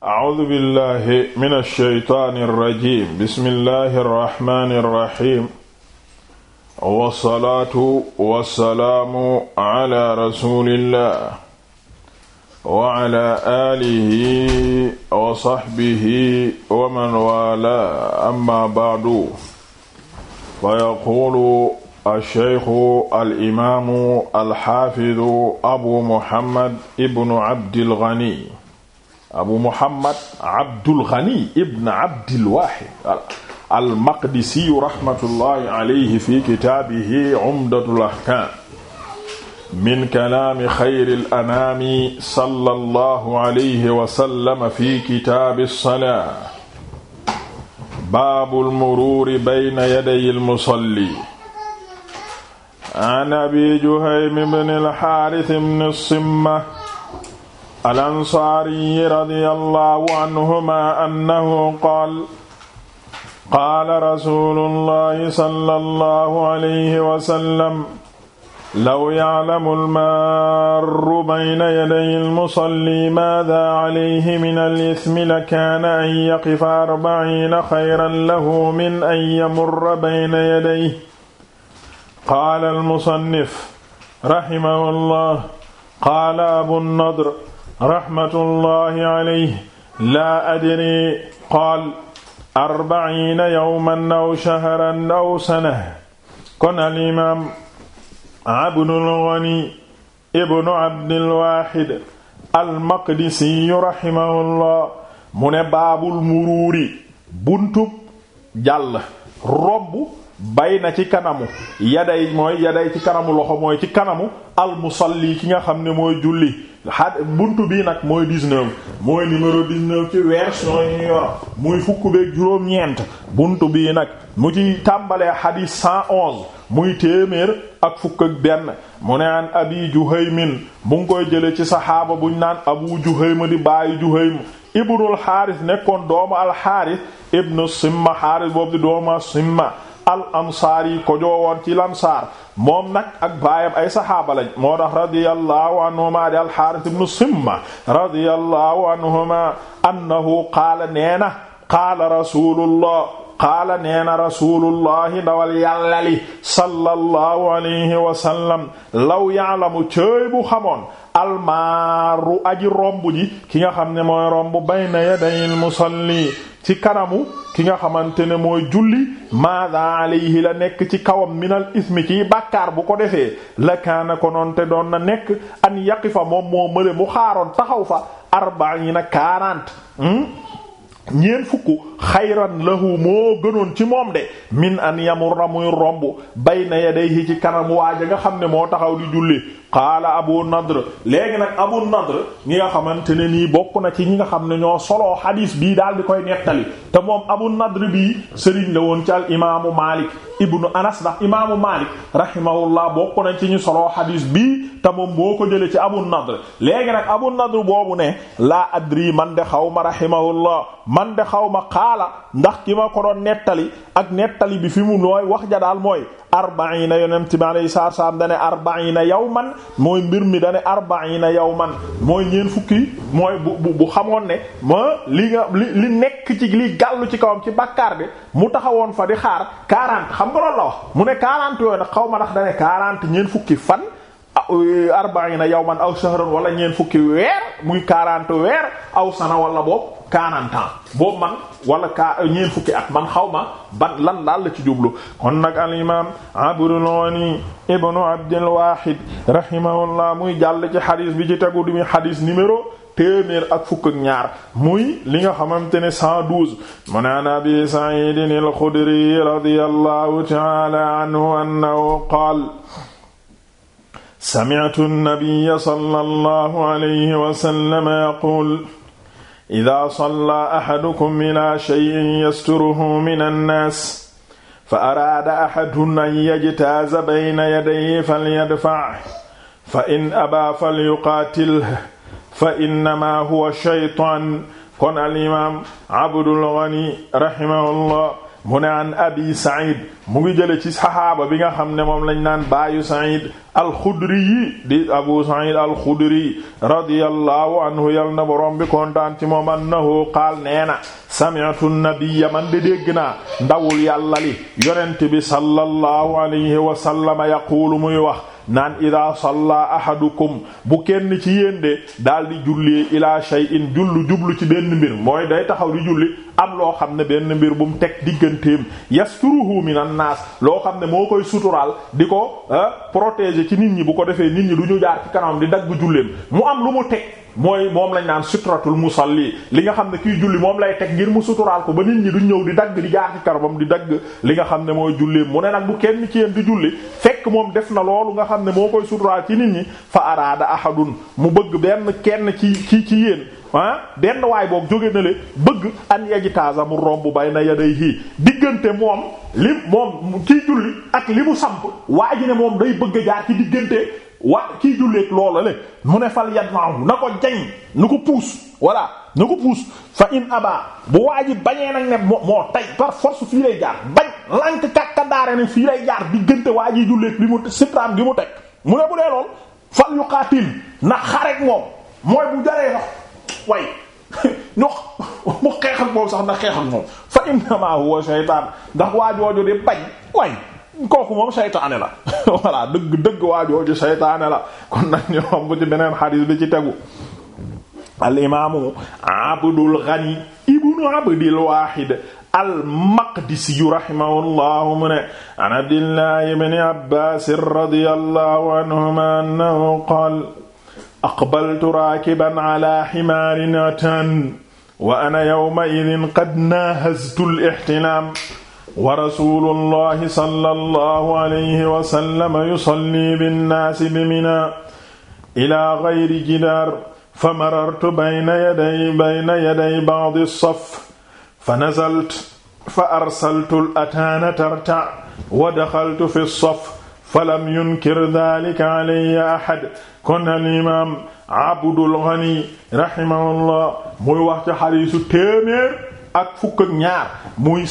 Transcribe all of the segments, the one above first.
A'uuzu billahi mina shaytaani rajiim bismillahi rahmaani rahiim. wasalaatu wasalaamu ala rasulillah. wa ala aalihi wa saxbihi wa man waalaahu amma ba'du. fayaquulu ash-shaykhu al-imaamu al-xaafidu abu muhammad ibnu abdil ghani. abu muhammad abdul ghani ibn abdil wahid al maqdisi rahmatullahi alayhi fi kitaabihi umdatul ahkam min kalaami xayril anaami sallallahu alayhi wa sallam fi kitaabi salaa baabul muruuri bayna yadayil musalli an abi juhaym ibn al haaris ibn simma alansaariyi radiyallahu anhuma annahu qaal qaala rasuulullahi sallallahu alayhi wa sallam law ya'lamu almaaru bayna yaday almusalli maadaa alayhi min al-ithmi lakaana an yaqifa arba'iina xayran lahu min an yamurra bayna yadayhi qaala almusannif rahimahu llah qaala abu nnadr raxmatullahi alayhi laa adri qaal arbaina yawman aw shahran aw sana kon al imaam abdul ghani ibnu abdil waaxid almaqdisiyu raximahullah mu ne baabul muruuri buntub jàll robb bay na ci kanamu yaday mooy yaday ci kanamu loxo mooy ci kanamu almusalli ki nga xam ne mooy julli a buntu bii nag mooy 19 mooy numéro 19 ci version yi ñu muy fukk beeg juróom-ñeent buntu bii nag mu ci tàmbalee xadiis 111 muy téeméer ak fukk ak benn mu ne an abi juhaymin mu ngi koy jële ci saxaaba buñ naan abu juhaym di baayu juhaym ibnul xaaris nekkoon doomu alxaaris ibnu simma xaaris boobu di doomu simma al ansaari ko joowoon ci lansaar moom nag ak baayam ay saxaaba lañ moo tax radiyallahu anhuma di alxaaris ibnu simma radiyallahu anhuma annahu qaala neena qaala rasulullah qaala neena rasulullahi ndawal yàllali sallallahu alayhi wa sallam law ya'lamu cëy bu xamoon almaaru aji romb ji ki nga xam ne mooy romb bayna yadayil musalli ci kanamu ki nga xamante ne mooy julli maada yi la nekk ci kawam minal ismi ci bàkkaar bu ko defee la ko noon te doon na nekk an yaqifa moom moo mële mu xaaroon taxaw fa arbaina quarante hmm? ñeent fukk xayran lahu moo gënoon ci moom de min an yamurra muy romb bayna yadayhi ci kanam waaja nga xam ne moo taxaw di julli qaala abu nadr léegi nag abu nadr ñi nga xamante ne nii bokk na ci ñi nga xam ne ñoo solo xadiis bii daal di koy nettali te moom abu nadr bii sëriñ la woon ci al imaamu malik ibnu anas ndax imaamu malik rahimahullah bokk na ci ñu solo xadiis bii te moom boo ko jëlee ci abu nadr léegi nag abu nadr boobu ne laa adri man de xaw ma rahimahullah man de xaw ma qaala ndax ki ma ko doon nettali ak nettali bi fi mu nooy wax ja daal mooy arbaina yonent bi alayhi salaatu salaam dane arbaina man mooy mbir mi dane arbaina man mooy ñeen fukki mooy bu bu xamoon ne moo li nga li li nekk ci li gàllu ci kawam ci bàkkaar bi mu taxawoon fa di xaar 40 xam nga loolu la wax mu ne 40 yooyu nag xaw ma ndax dane 40 ñeen fukki fan arbaina yawman aw shahran wala ñeen fukki weer muy quarante weer aw sana wala boobu quarante ans man wala ka ñeen fukki at man xaw ma ban lan laal la ci jublu kon nag al imam Abdul Ghani ibnu Abdil Wahid rahimahullah muy jàll ci xadis bi ci tegu du muy xadis numéro téeméer ak fukk ñaar muy li nga xamante ne 112 mu naan abi Sa'id al-Khudri radiyallahu ta'ala anhu annahu sami'tu nabiyya sallallahu alayhi wa sallam yaqul idaa sallaa ahadukum ilaa shay'in yasturuhu mina nnaas fa araada ahadun an yajtaaza bayna yadayhi falyadfac fa in abaa falyuqaatilhu fa innamaa huwa shaytaan kon al imaam Abdul Ghani rahimahullah mu ne an abi said mu ngi jële ci saxaaba bi nga xam ne moom lañ naan baayu said alxudri yi di abu said alxudri radiyallahu anhu yal na borom bi kontaan ci moom na qaal nee na sami'tu nabiyya man de dégg naa ndawul yàlla li yonent bi sallallahu alayhi wa sallam muy wax naan ida salla ahadukum bu kenn ci yéen de daal di julli ila shay'in jullu jublu ci benn mbir mooy day taxaw di julli am loo xam ne benn mbir bu mu teg digganteem yasturuhu minan naas loo xam ne moo koy suturaal di ko ah, protéger ci nit ñi bu ko defee nit ñi du ñu jaar ci kanam di dagg julleem mu am lu mu teg mooy moom lañ naan suturatul musalli li nga xam ne kiy julli moom lay teg ngir mu suturaal ko ba nit ñi du ñëw di dagg di jaar ci di dagg li nga xam ne mooy julli mu ne nag bu kenn ci yéen di julli fekk moom def na loolu nga xam ne moo koy suturaal ci nit ñi fa araada ahadun mu bëgg benn kenn ci ci ci yéen ah benn waay boog jóge na le bëgg an yaji taasa mu romb bay na ya yaday hii diggante moom li moom kii julli ak li mu samp waa ji ne moom day bëgg a jaar ci diggante wa kii julleeg loola le mu ne fal yat maahu na ko jañ nu ko puus voilà na ko puus fa in aba bu waa ji bañee nag ne moo moo tay par force fii lay jaar bañ lank kàkka daare ne fii lay jaar diggante waa ji julleeg li mu sitraam gi mu teg mu ne bu dee lool fal yuqaatil na xarek moom mooy bu jaree sax way ñu mu xeex ak moom sax na xeex ak moom fa innamaa huwa shaytaan ndax waajooju di bañ way kooku moom seytaane la voilà dëgg dëgg waajooju seytaane la kon nag ñu romb ci beneen xadiis bi ci tegu al imaamu abdul ghani ibnu abdil waahid al maqdisi yu rahimahullahu mu ne an abdillahi ibni abbaas radiyallahu anhuma annahu qaala aqbaltu raakiban ala ximaarin atan wa ana yawma idin qad naahaztu al-ixtilaam wa rasuulullahi sallallahu alayhi wa sallam yusalli binnaasi bi Minaa ilaa gayri jidaar fa marartu bayna yaday bayna yaday ba'di as-saf fa nazaltu fa arsaltu al-ataana tartac wa daxaltu fi as-saf falam yunkir dalika alayya ahad kon al imaam Abdul Ghani rahimahullah muy wax ci xadiisu téeméer ak fukk ñaar muy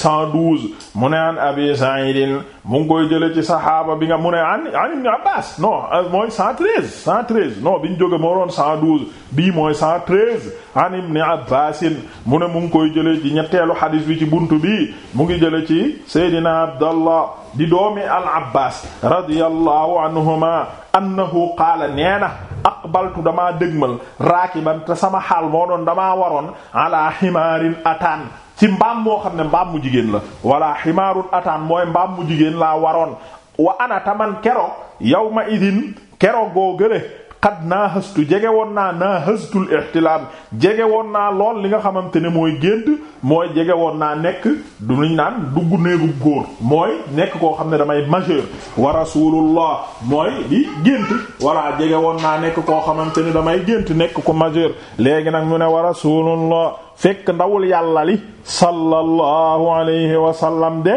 mu ne an abi sa'idin mu koy jële ci saxaaba bi nga mu ne an an ibn abbas non euh, mooy 113 113 non bi ñu jóge moo doon 112 bii mooy 113 an ibn abbasin mu ne mu ngi koy jële ci ñetteelu xadis bi ci buntu bi mu ngi jële ci seydina abdallah di doomi al abbas radiyallahu anhuma annahu qaala neena aqbaltu damaa dëgmal raakiban te sama xaal moo doon damaa waroon ala ximaarin ataan ci mbaam moo xam ne mbaam mu jigéen la wala ximaarun ataan mooy mbaam mu jigéen la waroon wa anata man keroog yawma idin keroog goo gële xat naa hëstu jege woon naa naa hëstul ihtilaam jege woon naa lool li nga xamante ne mooy gént mooy jege woon naa nekk du luñ naan dugg néegu góor mooy nekk koo xam ne damay majeur wa rasulullah mooy di gént walla jege woon naa nekk koo xamante ni damay gént nekk ko majeur léegi nag ñu ne wa rasulullah fekk ndawul yàlla li sallallahu alayhi wa sallam de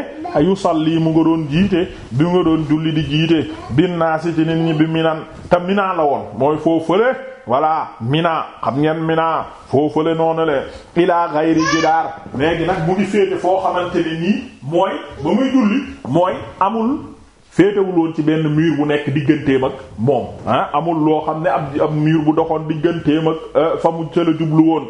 yusalli mu nga doon jiite bi nga doon julli di jiite binnaasi ci nit ñi minan te minaa la woon mooy foofale voilà mina xam ngeen mina foofale noonu le ilaa gayri jidaar léegi nag mu ngi féete foo xamante ne nii mooy ba muy julli mooy amul féetewul ci benn miir bu nekk digganteem ak moom ah, amul loo xam ne ab miir bu doxoon digganteem ak euh, fa mu cëla jublu woon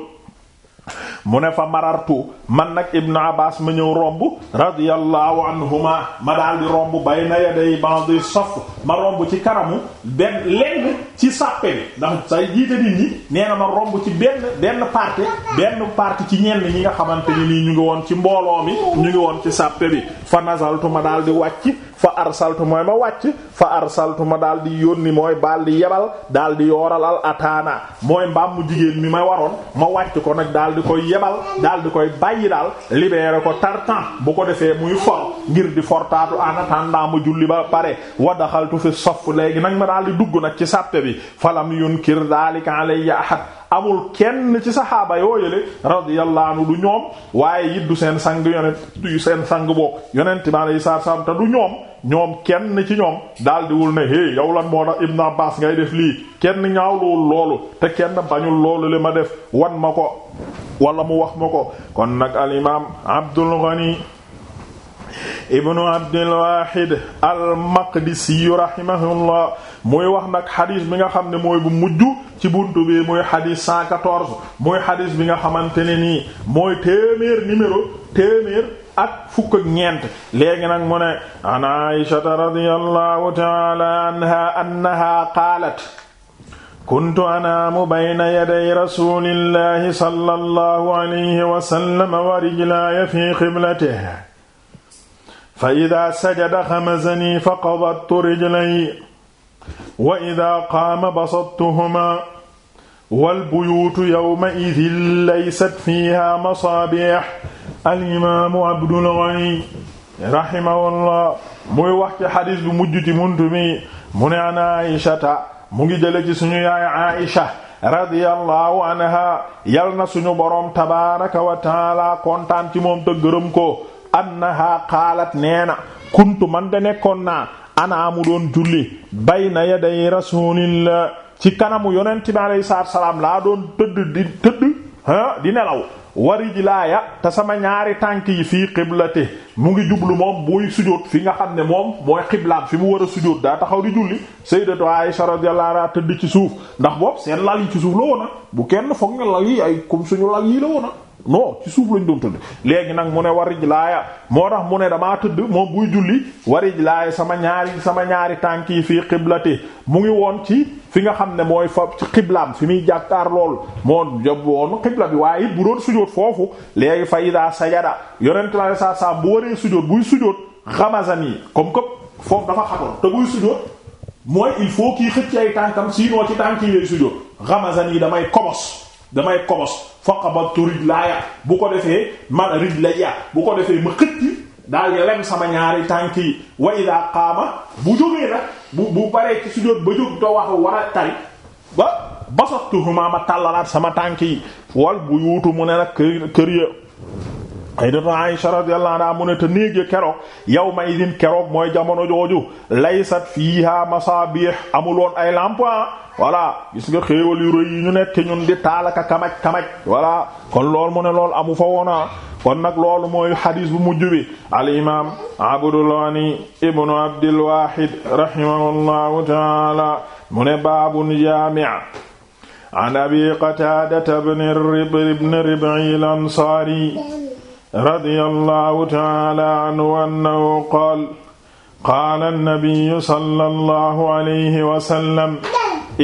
mu ne fa marartu man nag ibnu abbas ma ñëw romb radiyallahu anhuma ma daal di romb bayna yaday ba'd saf ma romb ci kanamu benn lenn ci sàppe bi ndax say jiite nit ñi nee na ma romb ci benn benn partie benn partie ci ñenn ñi nga xamante ni nii ñu ngi woon ci mbooloo mi ñu ngi woon ci sàppe bi fa nasaltu ma daal di wàcc fa arsaltu mooy ma wàcc fa arsaltu ma daal di yónni mooy baal di yebal daal di yooralal ataana mooy mbaam mu jigéen mi ma waroon ma wàcc ko nag daal di koy yebal daal di koy bàyyi daal libéré ko tartan bu ko defee muy for ngir di fortaatu en attendant ma julli ba pare wa daxaltu fi sof léegi nag ma daal di dugg nag ci sàppe bi falam yunkir daalika alayya ahad amul kenn ci saxaaba yooyale radiyallahu anhu du ñoom waaye it du seen sang yonent du seen sang bokk yonent bi alayhi salaatu salaam te du ñoom ñoom kenn ci ñoom daldiwul ne hey yow lan moo tax Ibn Abbas ngay def lii kenn ñaawluwul loolu te kenn bañul loolu li ma def wan ma ko wala mu wax ma ko kon nag al imaam Abdul Ghani ibnu abdilwahid al maqdisiyu rahimahullah muy wax nag xadis bi nga xam ne mooy bu mujj ci buntu bi muy xadis 114 muy xadis bi nga xamante ne nii mooy téeméer numéro téeméer ak fukk ak ñeent léegi nag mu ne an aishata radiyallahu ta'ala anha annaha qaalat kuntu anaamu bayna yaday rasulillahi sallallahu alayhi wa sallam wa rijlaaya fi qiblatihi fa idaa sajada xamazanii fa qabattu rijlayya wa idaa qaama basattuhumaa wal buyuutu yawma idin laysat fiiha masaabih alimaamu Abdul Ghani rahimahullah muy wax ci bu mujj ci muntu mi mu ne mu ngi jële ci suñu yaay Aïsha radiyallahu anha yal na suñu borom tabaaraka wa taala moom te gërëm ko annaha qaalat nee kuntu man de anaa mu doon julli bayna yaday rasulillah ci kanamu yonent bi alayhi salaam laa doon tëdd di tëdd ah di nelaw warijlaaya te sama ñaari tànk yi fii xiblate mu ngi jublu moom buy sujjóot fi nga xam ne moom mooy xiblaam fi mu war a sujjóot daa taxaw di julli sayyidatu Aisha radiyallahu anha tëdd ci suuf ndax boobu seen lal yi ci suuf la woona bu kenn foog nga lal yi ay comme suñu lal yi la woon non ci suuf lañ doon tëdd léegi nag mu ne warij laaya moo tax mu ne damaa tëdd moom buy julli warij laaya sama ñaari sama ñaari tànk yi fii xiblate mu ngi woon ci fi nga xam ne mooy fa ci xiblaam fi muy jàkkaar lool moo job woon xibla bi waaye it bu doon sujóot foofu léegi fa idaa sajada yonent ma saa saa bu waree sujóot buy sujóot xamasani comme que foofu dafa xatoon te buy sujóot mooy il faut kii xëcc ay tànkam sinon ci tànk yi lay damay kobos damay kobos fa qabaltu rijlaaya bu ko defee man rijlaaya bu ko defee ma xëcc daal di lem sama ñaari tànk yi wa ida qaama bu jógee nag bu baree ci sujjóot ba jóg doo wax war a tari ba basattuhuma ma tàllalaat sama tànk yi wal bu yuutu mu ne nag kër kër ya sayyidatu Aisha radiyallahu anha mu ne te néeg keroog yawma idin keroog mooy jamono jooju laysat fiiha masaabih amuloon ay lampa voilà gis nga xéewal yu rëy yi ñu amu fa woona kon nag loolu mooy xadiis bu mujj bi al imaam Abdul Ghani ibnu Abdil Wahid rahimahullahu taala mu ne baabun an abi Qataadata ibn Rib'i al radiyallahu ta'ala anhu annahu qaala qaala an-nabiyyu sallallahu alayhi wa sallam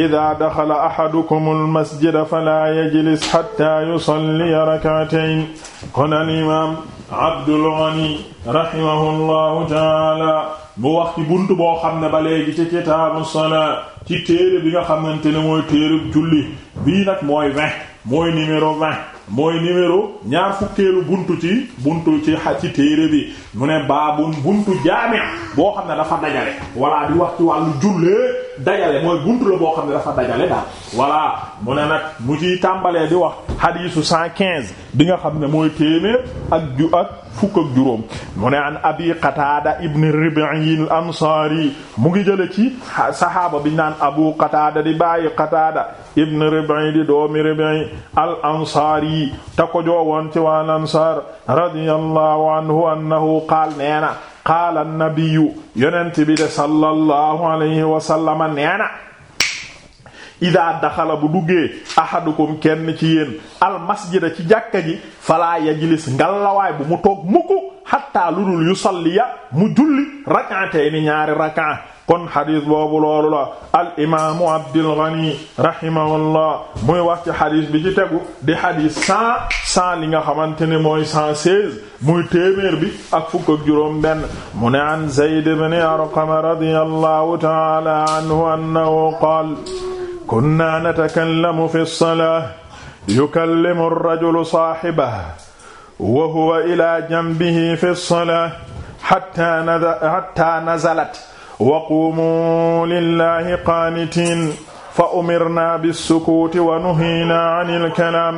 idaa daxala ahadukum al-masjida falaa yajlis hattaa yusalliya rak'atayn kon al-imaam Abdul Ghani rahimahullahu ta'ala mu wax ci buntu boo xam ne ba léegi ci kitaabu salaa ci téere bi nga xamante ne mooy téereb julli bii nag mooy vingt mooy numéro vingt mooy numéro ñaar fukkeelu buntu ci buntu ci xa ci téere bi mu ne baabun buntu jaami boo xam ne dafa dajale voilà di wax ci wàllu jullee dajale mooy buntu la boo xam ne dafa dajale daal voilà mu ne nag mu ciy tàmbalee di wax xadiisu cent quinze bi nga xam ne mooy téeméer ak ju ak fukk ak juróom mu ne an abi qataada ibn rib'i al ansaari mu ngi jële ci sahaaba bi naan abu qataada di bàyyi qataada ibn rib'i di doomi rib'i al ansaari ta ko joowoon ci ansaar radiyallahu anhu qaal neena qaala an-nabiyyu yonent bi de sallallahu alayhi wa neena ida daxala bu duggee ahadukum kenn ci yéen almasjida ci jàkka ji falaa yajlis ngallawaay bu mu toog mukk xatta lu dul yusalliya mu julli rak'atayni ñaari rak'a kon xadis boobu loolu la al imaamu Abdul Ghani muy wax ci xadis bi ci tegu di xadis cent cent li nga xamante ne mooy cent seize muy téeméer bi ak fukk ak juróom mu ne an Zayd ibn Arqam radiyallahu ta'ala anhu annahu kunna natakallamu fi lsalaa yukallimu alrajulu saaxibahu wa huwa ila janbihi fi lsalaa xatta nazalat wa quumuu lillahi qaanitiin fa umirna bissukuuti wa nuhiina an ilkalaam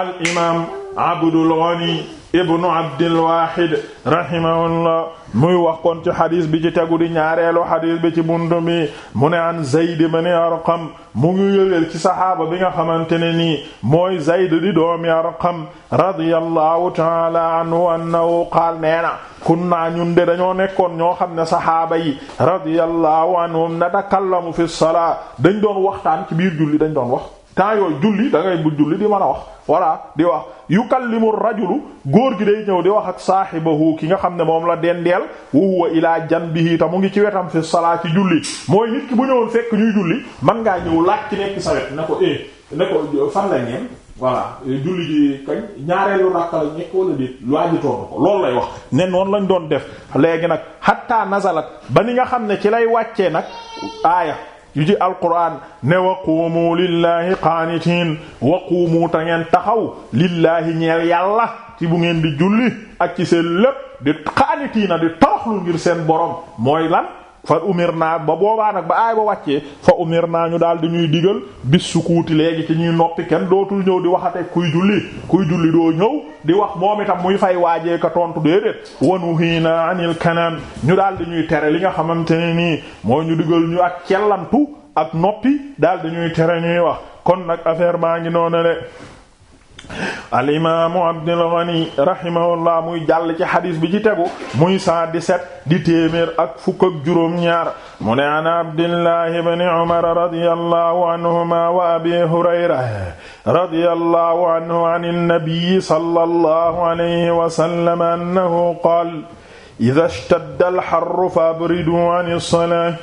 alimaam Abdul Ghani ibnu abdilwahid rahimahullah muy wax kon ci xadis bi ci tegu di ñaareelu xadis bi ci buntu mi mu ne an zayd ibn arqam mu ngi yëleel ci saxaaba bi nga xamante ne nii mooy zayd di doomi arqam radiyallahu taala anhu annahu qaal nee na kunna ñun de dañoo nekkoon ñoo xam ne saxaaba yi radiyallahu anhum natakallamu fi salaa dañ doon waxtaan ci biir julli dañ doon wax temps yooyu julli da bu julli di mën a wax voilà di wax yukallimu rajulu góor gi day ñëw di wax ak saahibahu ki nga xam ne moom la dendeel wa huwa ilaa janbihi mu ngi ci wetam fi salaa ci julli mooy nit ki bu ñëwoon fekk ñuy julli man ngaa ñëw laaj ci nekk sa wet ne ko eh fan la ñeen voilà eh, julli ji kañ ñaareelu rakka la nekk wala déet waaji toon ko loolu lay wax ne noonu lañ doon def léegi nag hatta nazalat ba ni nga xam ne ci lay wàccee nag aaya yu ci alquran ne wa quumu lillahi qaanitiin wa quumu ta ngeen taxaw lillahi ñeel yàlla ci bu ngeen di julli ak ci seen lépp di qaanitiina di toroxlu ngir seen borom mooy lan fa umir naa ba boobaa nag ba aay ba wàccee fa umir naa ñu daal di ñuy digal bis su kuuti léegi ci ñuy noppi kenn dootul ñëw di waxatee kuy julli kuy julli doo ñëw di wax moom itam muy fay waajee ka tontu déedéet wanu hiina anil kanaan ñu daal di ñuy tere li nga xamante ne nii moo ñu digal ñu ak cellantu ak noppi daal di ñuy tere ñuy wax kon nag affaire maa ngi noonu le al imaamu Abdul Ghani rahimahullah muy jàll ci xadis bi ci tegu muy 117 di téeméer ak fukk ak juróom-ñaar mu ne an Abdillahi ibn Umar radiyallahu anhuma wa Abi Hurayra radiyallahu anhu an an-nabi sallallahu alayhi wa sallam annahu qaala idha ishtadda al-harru fabridu an as-salaati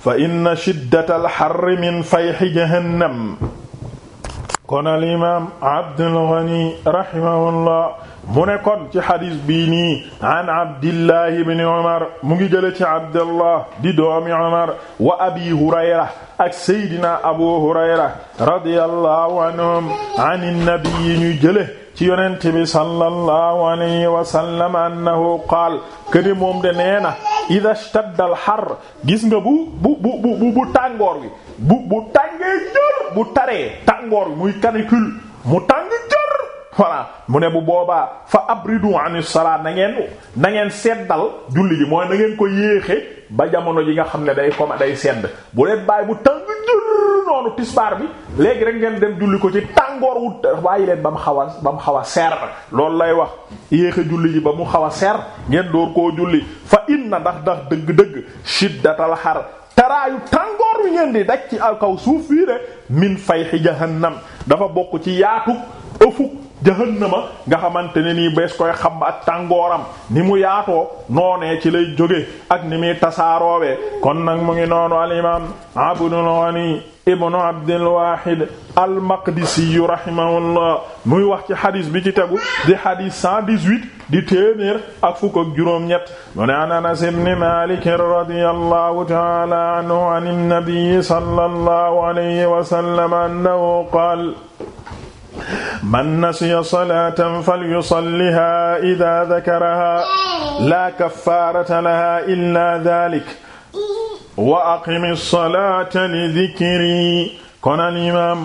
fa inna shiddata al-harri min fayhi jahannam kon al imaam Abdul Ghani rahimahullah mu ne kon ci xadis bii nii an Abdillah ibn Umar mu ngi jële ci Abdullah di doomi Umar wa Abi Hurayra ak Seydina Abu Hurayra radiyallahu anhum an an-nabi ñu jële ci yonent bi sallallahu alayhi wa sallam annahu qaal kene moom de nee na ida stadda al xar gis nga bu bu bu bu tàngoor wi bu bu tàngee jër bu taree tàngoor wi muy canicule mu tàng jër voilà mu ne bu boobaa fa abridu anis salaat na ngeen nangeen seddal julli ji mooy na ngeen ko yéexe ba jamono ji nga xam ne day comme day sedd bu leen bàyyi bu tàng tël noonu tisbaar bi léegi rek ngeen dem julli ko ci tàngoor wu bàyyi leen ba mu xaw a ba xaw a seer loolu lay wax yéex a julli ji ba mu xaw a seer ngeen door koo julli fa inna ndax ndax dëgg-dëgg shiddatal xar taraayu tàngoor wi ngeen di daj ci kaw suuf fii de min fayhi jahannam dafa bokk ci yaatu ëfuk jahannama nga xamante ne nii bees koy xam ak tàngooram ni mu yaatoo noonee ci lay jóge ak ni muy tasaaroowee kon nag mu ngi noonu al imam Abdul Ghani ibnu abdilwahid almaqdisiyu rahimahullah muy wax ci xadis bi ci tegu di xadis 118 di téeméer ak fukk ak juróom-ñett mu ne an anas ibni malik radiyallahu ta'ala anhu an nabi sallallahu alayhi wa sallam annahu qaal man nasiya salatan falyusalliha idha dhakaraha la kaffarata laha illa dhalik wa aqimi salaata li dikri kon al imaam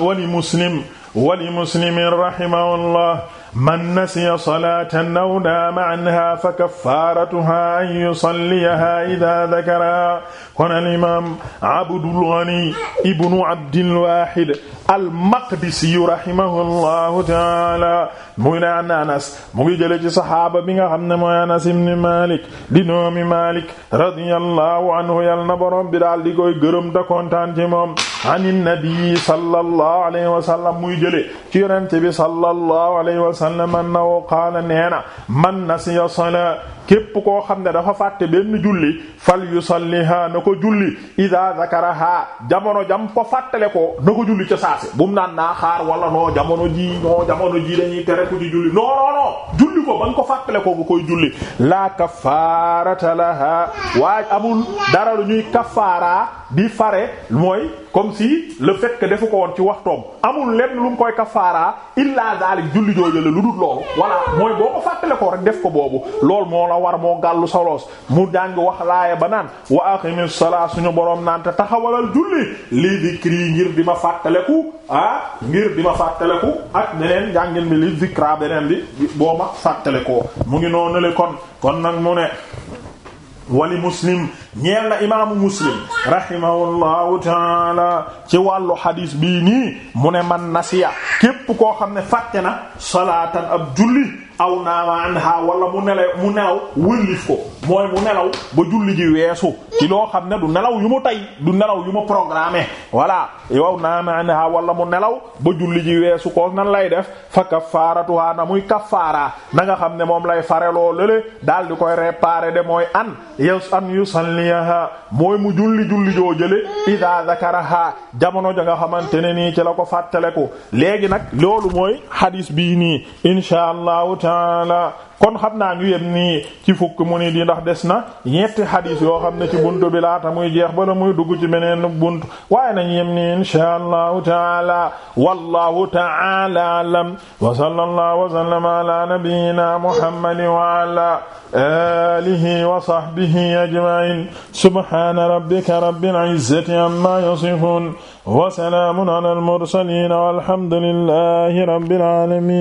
wali muslim wali muslimin rahimahullah man nasiya salaatan aw daama anha fa kaffaaratuha an yusalliyaha idaa dakaraha kon al imaam Abdul Ghani ibnu Abdil Waahid al-Maqdisi rahimahullahu taala muy ne an Anas mu ngi jële ci saxaaba bi nga xam ne mooy Anas ibn Malik di doomi Malik radiyallahu anhu yal na borom bi daal di koy gërëm da kontaan ci moom an nabi sallallahu alayhi wa sallam muy jële ci yonente bi sallallahu alayhi wa sallam annahu qaala neena man nasiya salaa képp ko xam ne dafa fàtte benn julli fal yusalliha na ko julli ida zakaraha jamono jam ko fàttale ko na ko julli ca saase bu mu naan naa xaar wala no jamono ji noo jamono ji dañuy tere ku ci julli non non non julli ko ba nga ko fàttale ko koy julli la kafaarata laha waaj amul dara lu ñuy kafaara di fare mooy comme si la fait que defu ko woon ci waxtoom amul lenn lu mu koy kafaaraa illaa daalik julli jooju la lu dul loolu voilà mooy boo ko fàttale ko rek def ko boobu lool moo la war moo gàllu soloos mu jàng wax ba naan wa aqimi salaa suñu boroom naan te taxawalal julli li dikri ngir di ma fàttaleku ah ngir di ma fàttaleku ak beneen njàngin bi li dikra beneen bi boo ma fàttalekoo mu ngi noonu le kon kon nag mu ne wali muslim ñeel na imaamu muslim rahimahullahu taala ci wàllu hadis bii nii mu ne man nasiya képp koo xam ne fàtte na salaatan ab julli aw naama anha wala mu nele mu neew wëllif ko mooy mu nelaw ba julli ji weesu ci loo xam ne du nelaw yu mu tey du nelaw yu mu programmé voilà yow naamaanaha wala mu nelaw ba julli ji weesu kook nan lay def fa kafaaratuha na muy kafaara nanga xam ne moom lay fareloo lële daal di koy réparer de mooy an yas an yusalliha mooy mu julli julli joo jële ida zakaraha jamono ja nga xamante ne nii ci la ko fàttaleku léegi nag loolu mooy hadis bii nii insha allahu taala kon xam naa ñu yem nii ci fukk mu ni di ndax des na ñetti xadiis yoo xam ne ci buntu bi laata muy jeex bala muy dugg ci beneen buntu waaye nañ yem nii inshaa allahu taala wallahu taala alam wa sallallahu wa sallama ala nabiyyina muhammadin wa ala alihi wa sahbihi ajma'in subhana rabbika rabbil izzati amma yasifun wa salamun ala al mursalin walhamdulillahi rabbil alamin